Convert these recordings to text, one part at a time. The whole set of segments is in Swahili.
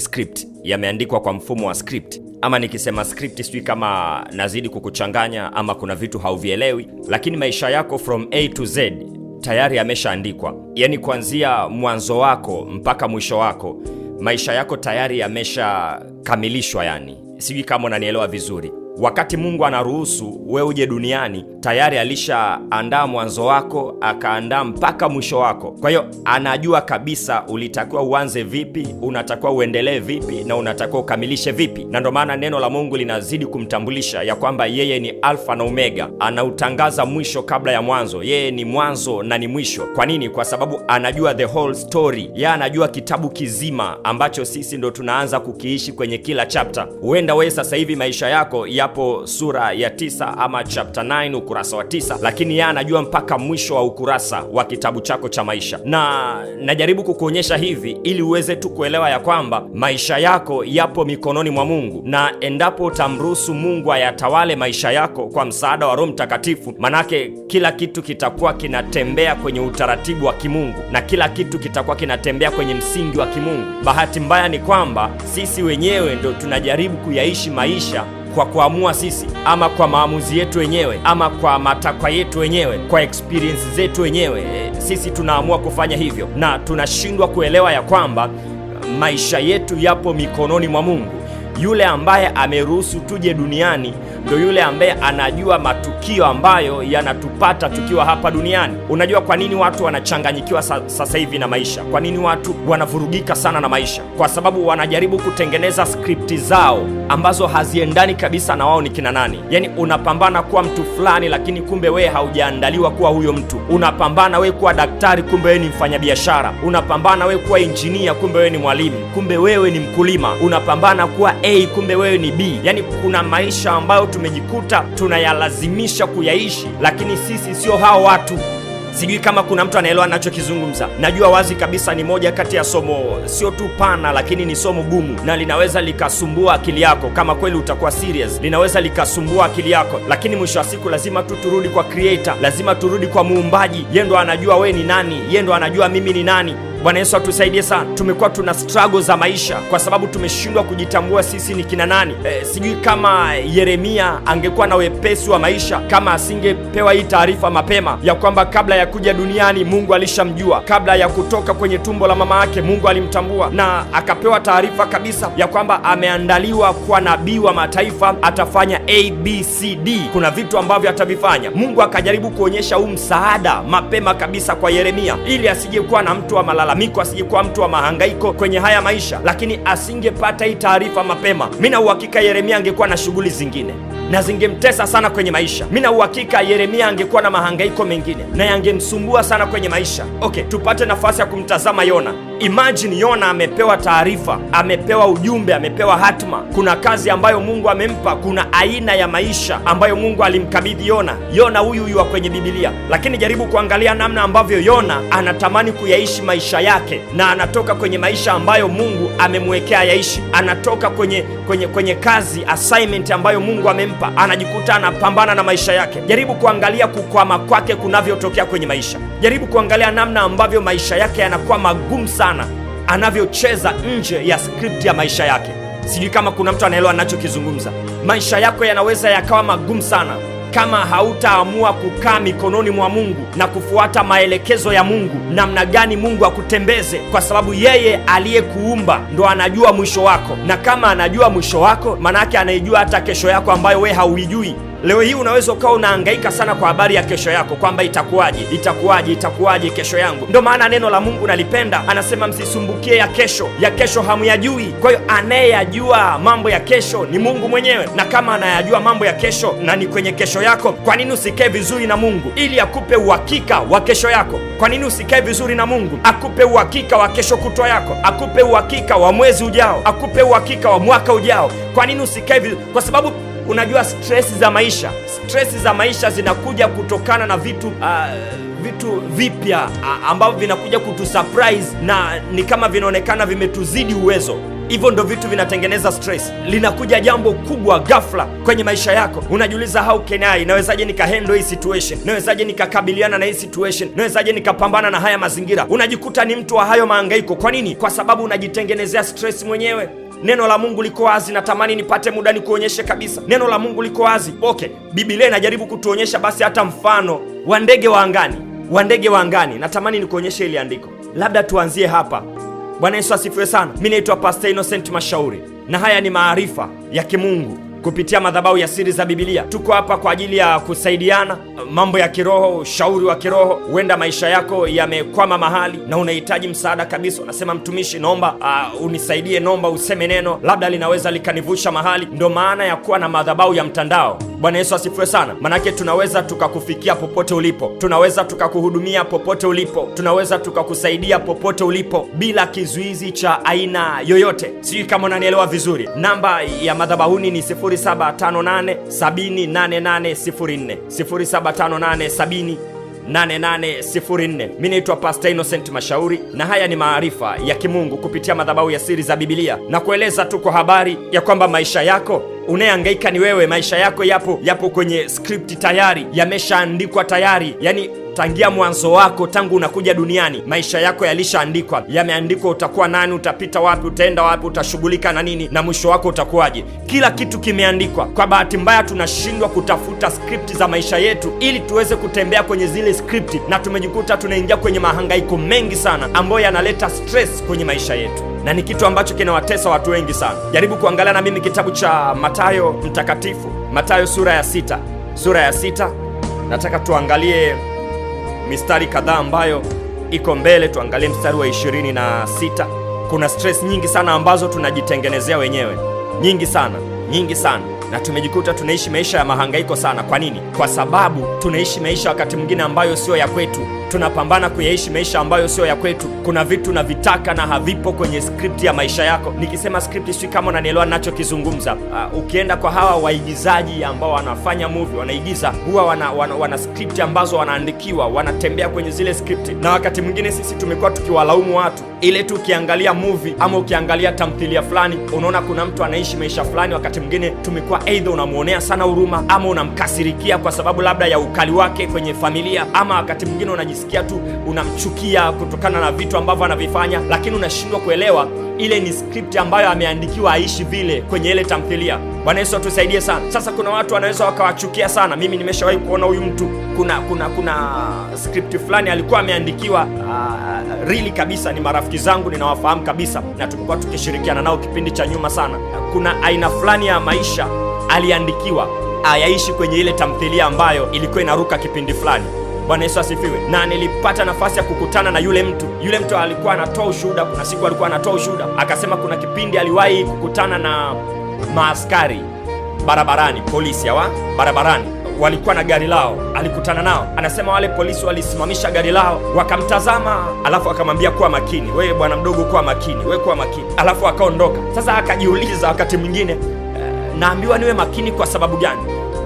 script yameandikwa kwa mfumo wa script ama nikisema script, sijui kama nazidi kukuchanganya ama kuna vitu hauvielewi, lakini maisha yako from A to Z tayari yameshaandikwa, yani kuanzia mwanzo wako mpaka mwisho wako, maisha yako tayari yameshakamilishwa. Yani sijui kama unanielewa vizuri. Wakati Mungu anaruhusu wewe uje duniani, tayari alishaandaa mwanzo wako, akaandaa mpaka mwisho wako. Kwa hiyo anajua kabisa ulitakiwa uanze vipi, unatakiwa uendelee vipi, na unatakiwa ukamilishe vipi. Na ndio maana neno la Mungu linazidi kumtambulisha ya kwamba yeye ni Alfa na Omega, anautangaza mwisho kabla ya mwanzo. Yeye ni mwanzo na ni mwisho. Kwa nini? Kwa sababu anajua the whole story. Yeye anajua kitabu kizima ambacho sisi ndo tunaanza kukiishi kwenye kila chapter. Huenda wewe sasa hivi maisha yako ya hapo sura ya tisa ama chapter 9 ukurasa wa tisa, lakini yeye anajua mpaka mwisho wa ukurasa wa kitabu chako cha maisha. Na najaribu kukuonyesha hivi ili uweze tu kuelewa ya kwamba maisha yako yapo mikononi mwa Mungu, na endapo utamruhusu Mungu ayatawale maisha yako kwa msaada wa Roho Mtakatifu, manake kila kitu kitakuwa kinatembea kwenye utaratibu wa kimungu na kila kitu kitakuwa kinatembea kwenye msingi wa kimungu. Bahati mbaya ni kwamba sisi wenyewe ndio tunajaribu kuyaishi maisha kwa kuamua sisi ama kwa maamuzi yetu wenyewe ama kwa matakwa yetu wenyewe, kwa experience zetu wenyewe, eh, sisi tunaamua kufanya hivyo na tunashindwa kuelewa ya kwamba eh, maisha yetu yapo mikononi mwa Mungu, yule ambaye ameruhusu tuje duniani ndio yule ambaye anajua matukio ambayo yanatupata tukiwa hapa duniani. Unajua kwa nini watu wanachanganyikiwa sasa hivi na maisha? Kwa nini watu wanavurugika sana na maisha? Kwa sababu wanajaribu kutengeneza skripti zao ambazo haziendani kabisa na wao ni kina nani. Yani unapambana kuwa mtu fulani, lakini kumbe wewe haujaandaliwa kuwa huyo mtu. Unapambana wewe kuwa daktari, kumbe wewe ni mfanyabiashara. Unapambana wewe kuwa injinia, kumbe wewe ni mwalimu. Kumbe wewe ni mkulima. Unapambana kuwa A, kumbe wewe ni B. Yani kuna maisha ambayo tumejikuta tunayalazimisha kuyaishi, lakini sisi sio hao watu. Sijui kama kuna mtu anaelewa ninachokizungumza. Najua wazi kabisa ni moja kati ya somo sio tu pana, lakini ni somo gumu na linaweza likasumbua akili yako kama kweli utakuwa serious. Linaweza likasumbua akili yako, lakini mwisho wa siku lazima tu turudi kwa creator, lazima turudi kwa muumbaji. Yeye ndo anajua we ni nani, yeye ndo anajua mimi ni nani. Bwana Yesu atusaidie sana. Tumekuwa tuna struggle za maisha kwa sababu tumeshindwa kujitambua sisi ni kina nani. E, sijui kama Yeremia angekuwa na wepesi wa maisha kama asingepewa hii taarifa mapema ya kwamba kabla ya kuja duniani Mungu alishamjua, kabla ya kutoka kwenye tumbo la mama yake Mungu alimtambua, na akapewa taarifa kabisa ya kwamba ameandaliwa kuwa nabii wa mataifa, atafanya ABCD, kuna vitu ambavyo atavifanya. Mungu akajaribu kuonyesha huu msaada mapema kabisa kwa Yeremia ili asijekuwa na mtu wa malala malalamiko, asingekuwa mtu wa mahangaiko kwenye haya maisha, lakini asingepata hii taarifa mapema. Mi na uhakika Yeremia angekuwa na shughuli zingine na zingemtesa sana kwenye maisha. Mi na uhakika Yeremia angekuwa na mahangaiko mengine na yangemsumbua sana kwenye maisha. Okay, tupate nafasi ya kumtazama Yona. Imagine Yona amepewa taarifa, amepewa ujumbe, amepewa hatma. Kuna kazi ambayo Mungu amempa, kuna aina ya maisha ambayo Mungu alimkabidhi Yona. Yona huyu huyu wa kwenye Bibilia, lakini jaribu kuangalia namna ambavyo Yona anatamani kuyaishi maisha maisha yake na anatoka kwenye maisha ambayo Mungu amemwekea yaishi, anatoka kwenye kwenye kwenye kazi assignment ambayo Mungu amempa, anajikuta anapambana na maisha yake. Jaribu kuangalia kukwama kwake kunavyotokea kwenye maisha. Jaribu kuangalia namna ambavyo maisha yake yanakuwa magumu sana, anavyocheza nje ya script ya maisha yake. Sijui kama kuna mtu anaelewa ninachokizungumza. Maisha yako yanaweza yakawa magumu sana kama hautaamua kukaa mikononi mwa Mungu na kufuata maelekezo ya Mungu, namna gani Mungu akutembeze, kwa sababu yeye aliyekuumba ndo anajua mwisho wako, na kama anajua mwisho wako, maanake anaijua hata kesho yako ambayo we hauijui. Leo hii unaweza ukawa unahangaika sana kwa habari ya kesho yako, kwamba itakuwaje, itakuwaje, itakuwaje kesho yangu. Ndio maana neno la Mungu nalipenda, anasema msisumbukie ya kesho, ya kesho hamuyajui. Kwa hiyo anayeyajua mambo ya kesho ni Mungu mwenyewe, na kama anayajua mambo ya kesho na ni kwenye kesho yako, kwa nini usikae vizuri na Mungu ili akupe uhakika wa kesho yako? Kwa nini usikae vizuri na Mungu akupe uhakika wa kesho kutwa yako, akupe uhakika wa mwezi ujao, akupe uhakika wa mwaka ujao? Kwa nini usikae vizuri? Kwa sababu Unajua stress za maisha, stress za maisha zinakuja kutokana na vitu uh, vitu vipya uh, ambavyo vinakuja kutusurprise na ni kama vinaonekana vimetuzidi uwezo. Hivyo ndo vitu vinatengeneza stress. Linakuja jambo kubwa ghafla kwenye maisha yako, unajiuliza how can I, nawezaje nikahandle hii situation, nawezaje nikakabiliana na hii situation, nawezaje nikapambana na haya mazingira. Unajikuta ni mtu wa hayo mahangaiko. Kwa nini? Kwa sababu unajitengenezea stress mwenyewe. Neno la Mungu liko wazi, natamani nipate muda nikuonyeshe kabisa. Neno la Mungu liko wazi. Okay, Biblia inajaribu kutuonyesha basi hata mfano wa ndege wa angani, wa ndege wa angani. Natamani nikuonyeshe ili andiko, labda tuanzie hapa. Bwana Yesu asifiwe sana. Mi naitwa Pastor Innocent Mashauri na haya ni maarifa ya Kimungu kupitia madhabahu ya Siri za Biblia. Tuko hapa kwa ajili ya kusaidiana mambo ya kiroho, ushauri wa kiroho. Huenda maisha yako yamekwama mahali na unahitaji msaada kabisa, unasema mtumishi, naomba uh, unisaidie, naomba useme neno, labda linaweza likanivusha mahali. Ndio maana ya kuwa na madhabahu ya mtandao. Bwana Yesu asifiwe sana, manake tunaweza tukakufikia popote ulipo, tunaweza tukakuhudumia popote ulipo, tunaweza tukakusaidia popote ulipo bila kizuizi cha aina yoyote. Sijui kama unanielewa vizuri. Namba ya madhabahuni ni 0758708804 075870 8804. naitwa Pastor Innocent Mashauri na haya ni maarifa ya kimungu kupitia madhabahu ya Siri za Biblia, na kueleza tu kwa habari ya kwamba maisha yako unayeangaika ni wewe. Maisha yako yapo yapo kwenye skripti tayari, yameshaandikwa tayari, yani tangia mwanzo wako, tangu unakuja duniani, maisha yako yalishaandikwa, yameandikwa. Utakuwa nani, utapita wapi, utaenda wapi, utashughulika na nini, na mwisho wako utakuwaje? Kila kitu kimeandikwa. Kwa bahati mbaya, tunashindwa kutafuta skripti za maisha yetu ili tuweze kutembea kwenye zile skripti, na tumejikuta tunaingia kwenye mahangaiko mengi sana ambayo yanaleta stress kwenye maisha yetu na ni kitu ambacho kinawatesa watu wengi sana. Jaribu kuangalia na mimi kitabu cha Mathayo Mtakatifu, Mathayo sura ya sita, sura ya sita. Nataka tuangalie mistari kadhaa ambayo iko mbele, tuangalie mstari wa ishirini na sita. Kuna stress nyingi sana ambazo tunajitengenezea wenyewe, nyingi sana, nyingi sana na tumejikuta tunaishi maisha ya mahangaiko sana. Kwa nini? Kwa sababu tunaishi maisha wakati mwingine ambayo sio ya kwetu, tunapambana kuyaishi maisha ambayo sio ya kwetu. Kuna vitu na vitaka na havipo kwenye skripti ya maisha yako. Nikisema skripti, sijui kama unanielewa ninachokizungumza. Uh, ukienda kwa hawa waigizaji ambao wanafanya movie, wanaigiza huwa wana, wana, wana skripti ambazo wanaandikiwa, wanatembea kwenye zile skripti, na wakati mwingine sisi tumekuwa tukiwalaumu watu ile tu ukiangalia movie ama ukiangalia tamthilia fulani, unaona kuna mtu anaishi maisha fulani, wakati mwingine tumekuwa kuwa eidha unamwonea sana huruma ama unamkasirikia kwa sababu labda ya ukali wake kwenye familia, ama wakati mwingine unajisikia tu unamchukia kutokana na vitu ambavyo anavifanya, lakini unashindwa kuelewa ile ni script ambayo ameandikiwa aishi vile kwenye ile tamthilia. Bwana Yesu atusaidie sana. Sasa kuna watu wanaweza wakawachukia sana. Mimi nimeshawahi kuona huyu mtu, kuna kuna kuna script fulani alikuwa ameandikiwa uh, really kabisa. Ni marafiki zangu, ninawafahamu kabisa na tumekuwa tukishirikiana nao kipindi cha nyuma sana. Kuna aina fulani ya maisha aliandikiwa ayaishi kwenye ile tamthilia ambayo ilikuwa inaruka kipindi fulani. Bwana Yesu asifiwe. Na nilipata nafasi ya kukutana na yule mtu. Yule mtu alikuwa anatoa ushuhuda, kuna siku alikuwa anatoa ushuhuda akasema, kuna kipindi aliwahi kukutana na maaskari barabarani, polisi hawa barabarani, walikuwa na gari lao, alikutana nao. Anasema wale polisi walisimamisha gari lao, wakamtazama, alafu akamwambia kuwa makini, wewe bwana mdogo, kuwa makini, wewe kuwa makini, alafu akaondoka. Sasa akajiuliza wakati mwingine naambiwa niwe makini kwa sababu gani?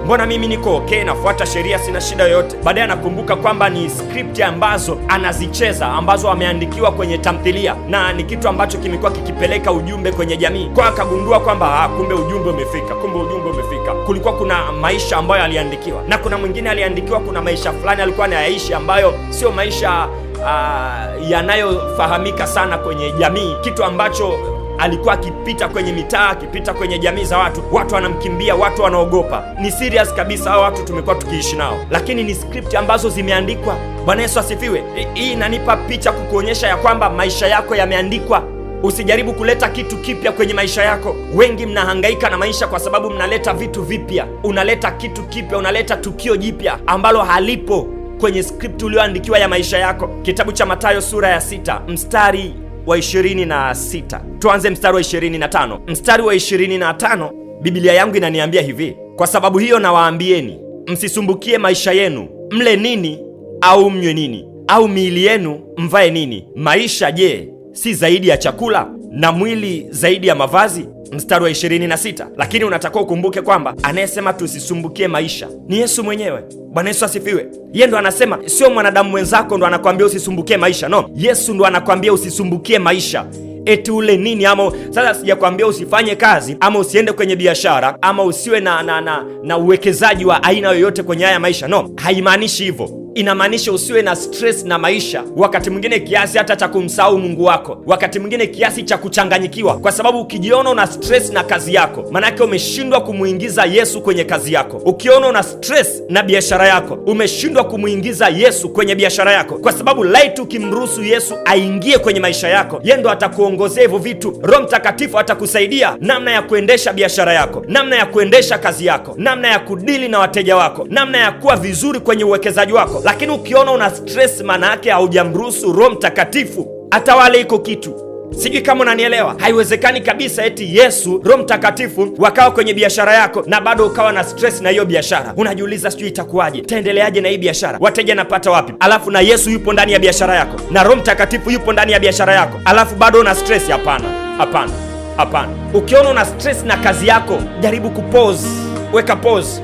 Mbona mimi niko okay, nafuata sheria, sina shida yoyote? Baadaye anakumbuka kwamba ni skripti ambazo anazicheza ambazo ameandikiwa kwenye tamthilia, na ni kitu ambacho kimekuwa kikipeleka ujumbe kwenye jamii. Kwa akagundua kwamba ah, kumbe ujumbe umefika, kumbe ujumbe umefika. Kulikuwa kuna maisha ambayo aliandikiwa, na kuna mwingine aliandikiwa, kuna maisha fulani alikuwa anayaishi ambayo sio maisha uh, yanayofahamika sana kwenye jamii, kitu ambacho alikuwa akipita kwenye mitaa, akipita kwenye jamii za watu, watu wanamkimbia, watu wanaogopa. Ni serious kabisa, hao watu tumekuwa tukiishi nao, lakini ni script ambazo zimeandikwa. Bwana Yesu asifiwe. Hii inanipa picha kukuonyesha ya kwamba maisha yako yameandikwa. Usijaribu kuleta kitu kipya kwenye maisha yako. Wengi mnahangaika na maisha kwa sababu mnaleta vitu vipya, unaleta kitu kipya, unaleta tukio jipya ambalo halipo kwenye script uliyoandikiwa ya maisha yako. Kitabu cha Mathayo sura ya sita mstari wa 26. Tuanze mstari wa 25. Mstari wa 25, Biblia yangu inaniambia hivi: kwa sababu hiyo nawaambieni, msisumbukie maisha yenu, mle nini au mnywe nini, au miili yenu mvae nini? Maisha je, si zaidi ya chakula, na mwili zaidi ya mavazi? mstari wa 26. Lakini unatakiwa ukumbuke kwamba anayesema tusisumbukie maisha ni Yesu mwenyewe. Bwana Yesu asifiwe. Yeye ndo anasema, sio mwanadamu mwenzako ndo anakwambia usisumbukie maisha. No, Yesu ndo anakwambia usisumbukie maisha eti ule nini ama sasa, sijakwambia usifanye kazi ama usiende kwenye biashara ama usiwe na, na, na, na uwekezaji wa aina yoyote kwenye haya maisha. No, haimaanishi hivyo inamaanisha usiwe na stress na maisha, wakati mwingine kiasi hata cha kumsahau Mungu wako, wakati mwingine kiasi cha kuchanganyikiwa, kwa sababu ukijiona una stress na kazi yako, maanake umeshindwa kumwingiza Yesu kwenye kazi yako. Ukiona una stress na biashara yako, umeshindwa kumwingiza Yesu kwenye biashara yako, kwa sababu light, ukimruhusu Yesu aingie kwenye maisha yako, yeye ndo atakuongozea hivyo vitu. Roho Mtakatifu atakusaidia namna ya kuendesha biashara yako, namna ya kuendesha kazi yako, namna ya kudili na wateja wako, namna ya kuwa vizuri kwenye uwekezaji wako. Lakini ukiona una stress, maana yake haujamruhusu Roho Mtakatifu atawale iko kitu. Sijui kama unanielewa. Haiwezekani kabisa eti Yesu Roho Mtakatifu wakawa kwenye biashara yako na bado ukawa na stress na hiyo biashara. Unajiuliza sijui itakuwaje, taendeleaje na hii biashara, wateja napata wapi? Alafu na Yesu yupo ndani ya biashara yako na Roho Mtakatifu yupo ndani ya biashara yako, alafu bado una stress? Hapana, hapana, hapana. Ukiona una stress na kazi yako, jaribu kupause, weka pause,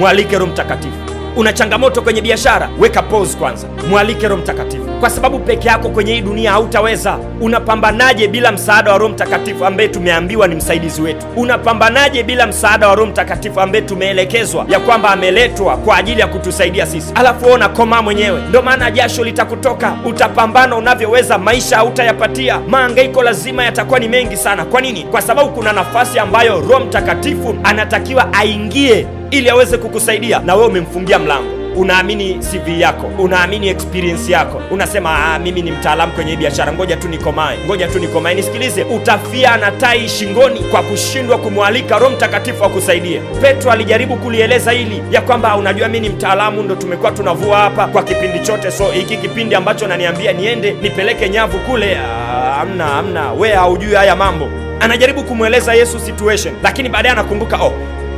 mwalike Roho Mtakatifu una changamoto kwenye biashara, weka pause kwanza, mwalike Roho Mtakatifu kwa sababu peke yako kwenye hii dunia hautaweza. Unapambanaje bila msaada wa Roho Mtakatifu ambaye tumeambiwa ni msaidizi wetu? Unapambanaje bila msaada wa Roho Mtakatifu ambaye tumeelekezwa ya kwamba ameletwa kwa ajili ya kutusaidia sisi? Alafu ona koma mwenyewe, ndio maana jasho litakutoka, utapambana unavyoweza. Maisha hautayapatia, maangaiko lazima yatakuwa ni mengi sana. Kwa nini? Kwa sababu kuna nafasi ambayo Roho Mtakatifu anatakiwa aingie ili aweze kukusaidia, na wewe umemfungia mlango unaamini CV yako, unaamini experience yako, unasema ah, mimi ni mtaalamu kwenye biashara, ngoja tu nikomae, ngoja tu nikomae. Nisikilize, utafia na tai shingoni kwa kushindwa kumwalika Roho Mtakatifu akusaidie. Petro alijaribu kulieleza hili ya kwamba unajua, mi ni mtaalamu, ndo tumekuwa tunavua hapa kwa kipindi chote, so hiki kipindi ambacho naniambia niende nipeleke nyavu kule, ah, amna amna, we haujui haya mambo. Anajaribu kumweleza Yesu situation, lakini baadaye anakumbuka oh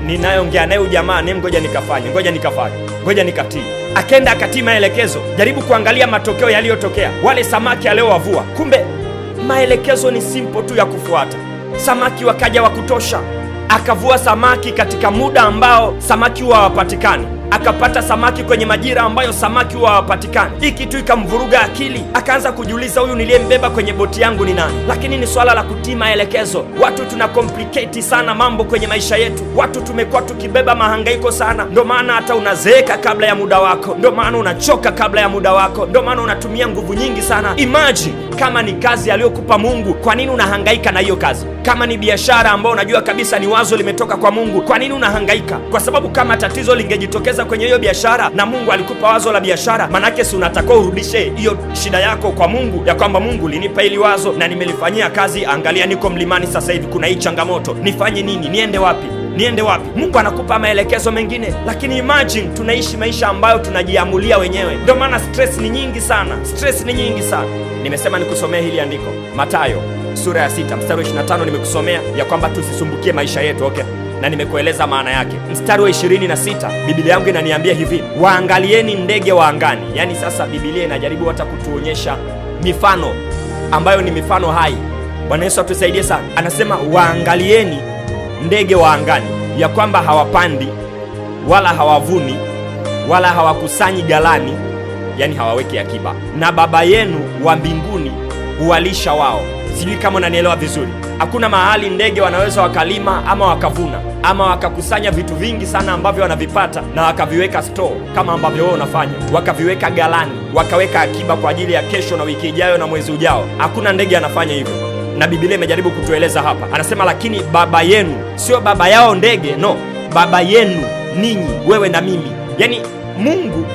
ninayoongea naye ujamaa ni ngoja nikafanye, ngoja nikafanye, ngoja nikatii. Akenda akatii maelekezo. Jaribu kuangalia matokeo yaliyotokea, wale samaki aliowavua Kumbe maelekezo ni simple tu ya kufuata. Samaki wakaja wa kutosha, akavua samaki katika muda ambao samaki huwa hawapatikani akapata samaki kwenye majira ambayo samaki huwa hawapatikani. Hii kitu ikamvuruga akili, akaanza kujiuliza, huyu niliyembeba kwenye boti yangu ni nani? Lakini ni swala la kutii maelekezo. Watu tuna kompliketi sana mambo kwenye maisha yetu, watu tumekuwa tukibeba mahangaiko sana. Ndo maana hata unazeeka kabla ya muda wako, ndo maana unachoka kabla ya muda wako, ndo maana unatumia nguvu nyingi sana. Imagine kama ni kazi aliyokupa Mungu, kwa nini unahangaika na hiyo kazi? Kama ni biashara ambayo unajua kabisa ni wazo limetoka kwa Mungu, kwa nini unahangaika? Kwa sababu kama tatizo lingejitokeza kwenye hiyo biashara na Mungu alikupa wazo la biashara, manake si unatakiwa urudishe hiyo shida yako kwa Mungu, ya kwamba Mungu linipa hili wazo na nimelifanyia kazi. Angalia, niko mlimani sasa hivi, kuna hii changamoto, nifanye nini? Niende wapi? niende wapi? Mungu anakupa maelekezo mengine, lakini imagine tunaishi maisha ambayo tunajiamulia wenyewe. Ndio maana stress ni nyingi sana, stress ni nyingi sana. Nimesema nikusomee hili andiko matayo sura ya sita mstari wa 25 nimekusomea ya kwamba tusisumbukie maisha yetu, okay? na nimekueleza maana yake. Mstari wa 26 bibilia yangu inaniambia hivi, waangalieni ndege wa angani. Yaani sasa bibilia inajaribu hata kutuonyesha mifano ambayo ni mifano hai. Bwana Yesu atusaidie sana. Anasema waangalieni ndege wa angani, ya kwamba hawapandi wala hawavuni wala hawakusanyi galani yani hawaweki akiba, na baba yenu wa mbinguni huwalisha wao. Sijui kama unanielewa vizuri. Hakuna mahali ndege wanaweza wakalima ama wakavuna ama wakakusanya vitu vingi sana ambavyo wanavipata na wakaviweka store kama ambavyo wewe unafanya, wakaviweka galani, wakaweka akiba kwa ajili ya kesho na wiki ijayo na mwezi ujao. Hakuna ndege anafanya hivyo, na Biblia imejaribu kutueleza hapa. Anasema lakini baba yenu, sio baba yao ndege, no, baba yenu ninyi, wewe na mimi, yani Mungu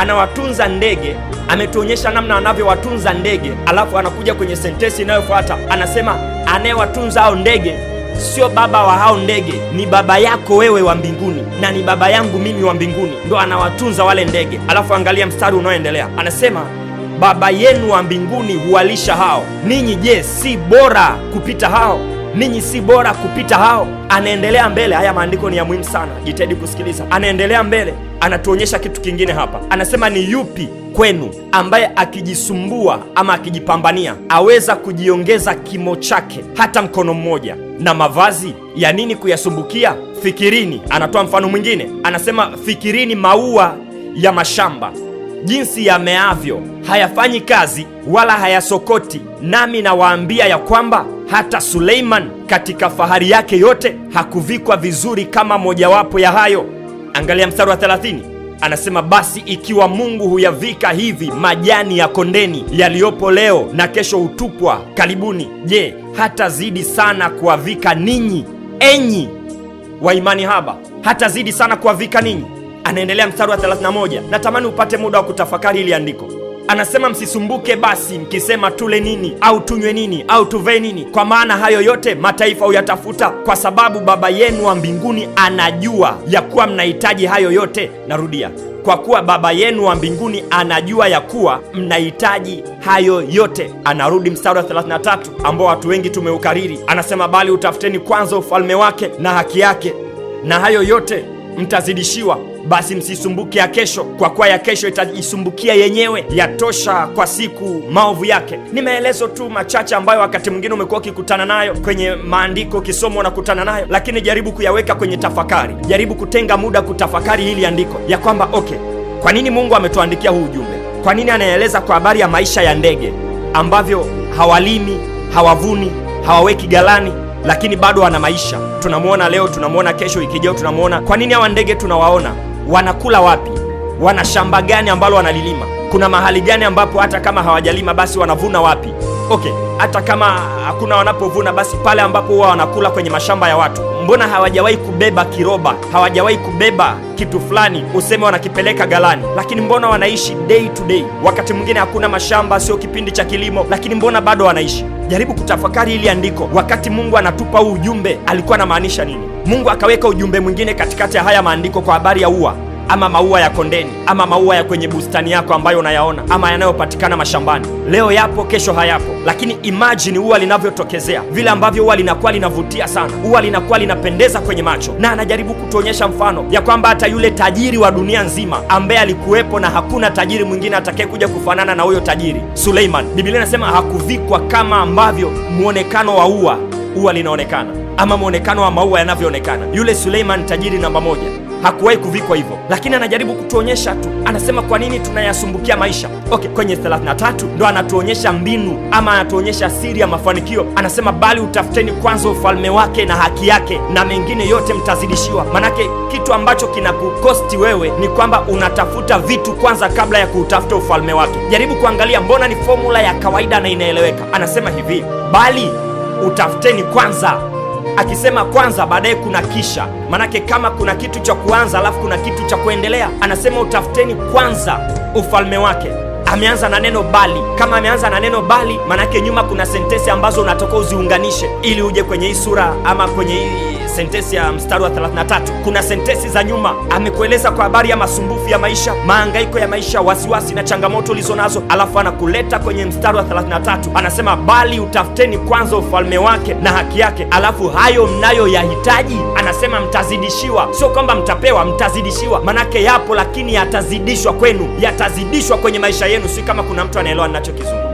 anawatunza ndege, ametuonyesha namna anavyowatunza ndege, alafu anakuja kwenye sentensi inayofuata anasema, anayewatunza hao ndege sio baba wa hao ndege, ni baba yako wewe wa mbinguni na ni baba yangu mimi wa mbinguni, ndo anawatunza wale ndege. Alafu angalia mstari unaoendelea, anasema baba yenu wa mbinguni huwalisha hao. Ninyi je, si bora kupita hao? ninyi si bora kupita hao? Anaendelea mbele. Haya maandiko ni ya muhimu sana, jitahidi kusikiliza. Anaendelea mbele, anatuonyesha kitu kingine hapa. Anasema ni yupi kwenu ambaye akijisumbua ama akijipambania aweza kujiongeza kimo chake hata mkono mmoja? Na mavazi ya nini kuyasumbukia? Fikirini. Anatoa mfano mwingine, anasema fikirini maua ya mashamba jinsi yameavyo, hayafanyi kazi wala hayasokoti, nami nawaambia ya kwamba hata Suleiman katika fahari yake yote hakuvikwa vizuri kama mojawapo ya hayo. Angalia mstari wa 30, anasema basi ikiwa Mungu huyavika hivi majani ya kondeni yaliyopo leo na kesho hutupwa karibuni, je, hata zidi sana kuwavika ninyi enyi wa imani haba? zidi sana kuwavika ninyi? Anaendelea mstari wa 31. Natamani upate muda wa kutafakari hili andiko anasema msisumbuke basi mkisema tule nini au tunywe nini au tuvae nini, kwa maana hayo yote mataifa huyatafuta, kwa sababu Baba yenu wa mbinguni anajua ya kuwa mnahitaji hayo yote. Narudia, kwa kuwa Baba yenu wa mbinguni anajua ya kuwa mnahitaji hayo yote. Anarudi mstari wa 33 ambao watu wengi tumeukariri, anasema bali utafuteni kwanza ufalme wake na haki yake, na hayo yote mtazidishiwa basi msisumbuke ya kesho, kwa kuwa ya kesho itajisumbukia yenyewe, yatosha kwa siku maovu yake. Ni maelezo tu machache ambayo wakati mwingine umekuwa ukikutana nayo kwenye maandiko, kisomo unakutana nayo, lakini jaribu kuyaweka kwenye tafakari, jaribu kutenga muda kutafakari hili andiko ya kwamba okay, kwa nini Mungu ametuandikia huu ujumbe? Kwa nini anaeleza kwa habari ya maisha ya ndege ambavyo hawalimi, hawavuni, hawaweki galani lakini bado wana maisha. Tunamwona leo, tunamwona kesho, ikijao tunamwona. Kwa nini hawa ndege tunawaona wanakula wapi, wana shamba gani ambalo wanalilima, kuna mahali gani ambapo hata kama hawajalima basi wanavuna wapi. Okay, hata kama hakuna wanapovuna, basi pale ambapo huwa wanakula kwenye mashamba ya watu, mbona hawajawahi kubeba kiroba, hawajawahi kubeba kitu fulani useme wanakipeleka ghalani? Lakini mbona wanaishi day to day? Wakati mwingine hakuna mashamba, sio kipindi cha kilimo, lakini mbona bado wanaishi? Jaribu kutafakari hili andiko, wakati Mungu anatupa huu ujumbe alikuwa anamaanisha nini? Mungu akaweka ujumbe mwingine katikati ya haya maandiko kwa habari ya ua ama maua ya kondeni ama maua ya kwenye bustani yako ambayo unayaona ama yanayopatikana mashambani. Leo yapo, kesho hayapo, lakini imagine ua linavyotokezea, vile ambavyo ua linakuwa linavutia sana, ua linakuwa linapendeza kwenye macho. Na anajaribu kutuonyesha mfano ya kwamba hata yule tajiri wa dunia nzima ambaye alikuwepo, na hakuna tajiri mwingine atakayekuja kufanana na huyo tajiri Suleiman. Biblia inasema hakuvikwa kama ambavyo mwonekano wa ua ua linaonekana ama mwonekano wa maua yanavyoonekana. Yule Suleiman tajiri namba moja hakuwahi kuvikwa hivyo, lakini anajaribu kutuonyesha tu, anasema kwa nini tunayasumbukia maisha. Okay, kwenye 33 ndo anatuonyesha mbinu ama anatuonyesha siri ya mafanikio. Anasema bali utafuteni kwanza ufalme wake na haki yake, na mengine yote mtazidishiwa. Manake kitu ambacho kinakukosti wewe ni kwamba unatafuta vitu kwanza kabla ya kuutafuta ufalme wake. Jaribu kuangalia, mbona ni fomula ya kawaida na inaeleweka. Anasema hivi bali utafuteni kwanza. Akisema kwanza, baadaye kuna kisha, manake kama kuna kitu cha kuanza alafu kuna kitu cha kuendelea, anasema utafuteni kwanza ufalme wake. Ameanza na neno bali. Kama ameanza na neno bali, manake nyuma kuna sentensi ambazo unatoka uziunganishe ili uje kwenye hii sura ama kwenye hii sentensi ya mstari wa 33. Kuna sentensi za nyuma amekueleza kwa habari ya masumbufu ya maisha, mahangaiko ya maisha, wasiwasi na changamoto ulizo nazo, alafu anakuleta kwenye mstari wa 33, anasema bali utafuteni kwanza ufalme wake na haki yake, alafu hayo mnayoyahitaji anasema mtazidishiwa. Sio kwamba mtapewa, mtazidishiwa. Manake yapo, lakini yatazidishwa kwenu, yatazidishwa kwenye maisha yenu. Si kama kuna mtu anaelewa ninachokizungumza.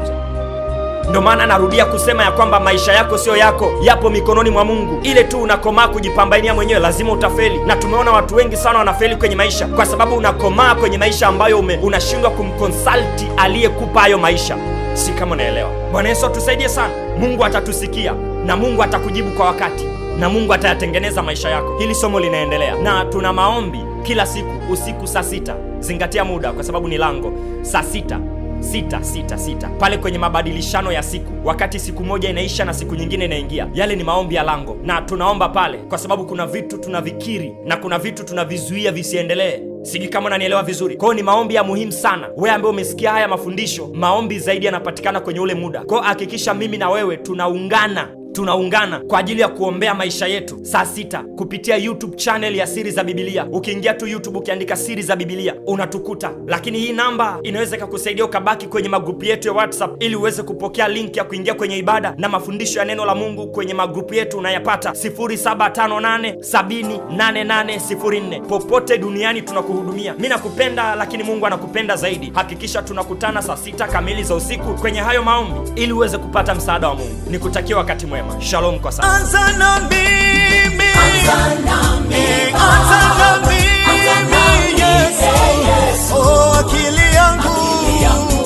Ndio maana narudia kusema ya kwamba maisha yako sio yako, yapo mikononi mwa Mungu. Ile tu unakomaa kujipambania mwenyewe, lazima utafeli, na tumeona watu wengi sana wanafeli kwenye maisha kwa sababu unakomaa kwenye maisha ambayo ume unashindwa kumkonsalti aliyekupa hayo maisha. Si kama unaelewa? Bwana Yesu atusaidie sana. Mungu atatusikia na Mungu atakujibu kwa wakati na Mungu atayatengeneza maisha yako. Hili somo linaendelea na tuna maombi kila siku usiku saa sita. Zingatia muda kwa sababu ni lango saa sita sita sita sita pale kwenye mabadilishano ya siku, wakati siku moja inaisha na siku nyingine inaingia. Yale ni maombi ya lango, na tunaomba pale kwa sababu kuna vitu tunavikiri na kuna vitu tunavizuia visiendelee. Sijui kama unanielewa vizuri. Kwao ni maombi ya muhimu sana. Wewe ambaye umesikia haya mafundisho, maombi zaidi yanapatikana kwenye ule muda. Kwao hakikisha mimi na wewe tunaungana tunaungana kwa ajili ya kuombea maisha yetu saa sita kupitia YouTube channel ya Siri za Bibilia. Ukiingia tu YouTube ukiandika Siri za Bibilia unatukuta, lakini hii namba inaweza ikakusaidia ukabaki kwenye magrupu yetu ya WhatsApp ili uweze kupokea link ya kuingia kwenye ibada na mafundisho ya neno la Mungu kwenye magrupu yetu unayapata 0758708804. Popote duniani tunakuhudumia. Mi nakupenda, lakini Mungu anakupenda zaidi. Hakikisha tunakutana saa sita kamili za usiku kwenye hayo maombi ili uweze kupata msaada wa Mungu. Nikutakia wakati mwema njema. Shalom kwa sasa. Anza na mimi. Anza na mimi. Anza na mimi. Yesu. Oh, akili yangu. akili yangu.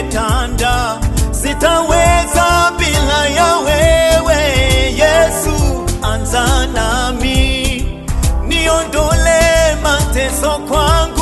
umetanda, sitaweza bila ya wewe Yesu. Anza nami niondole mateso kwangu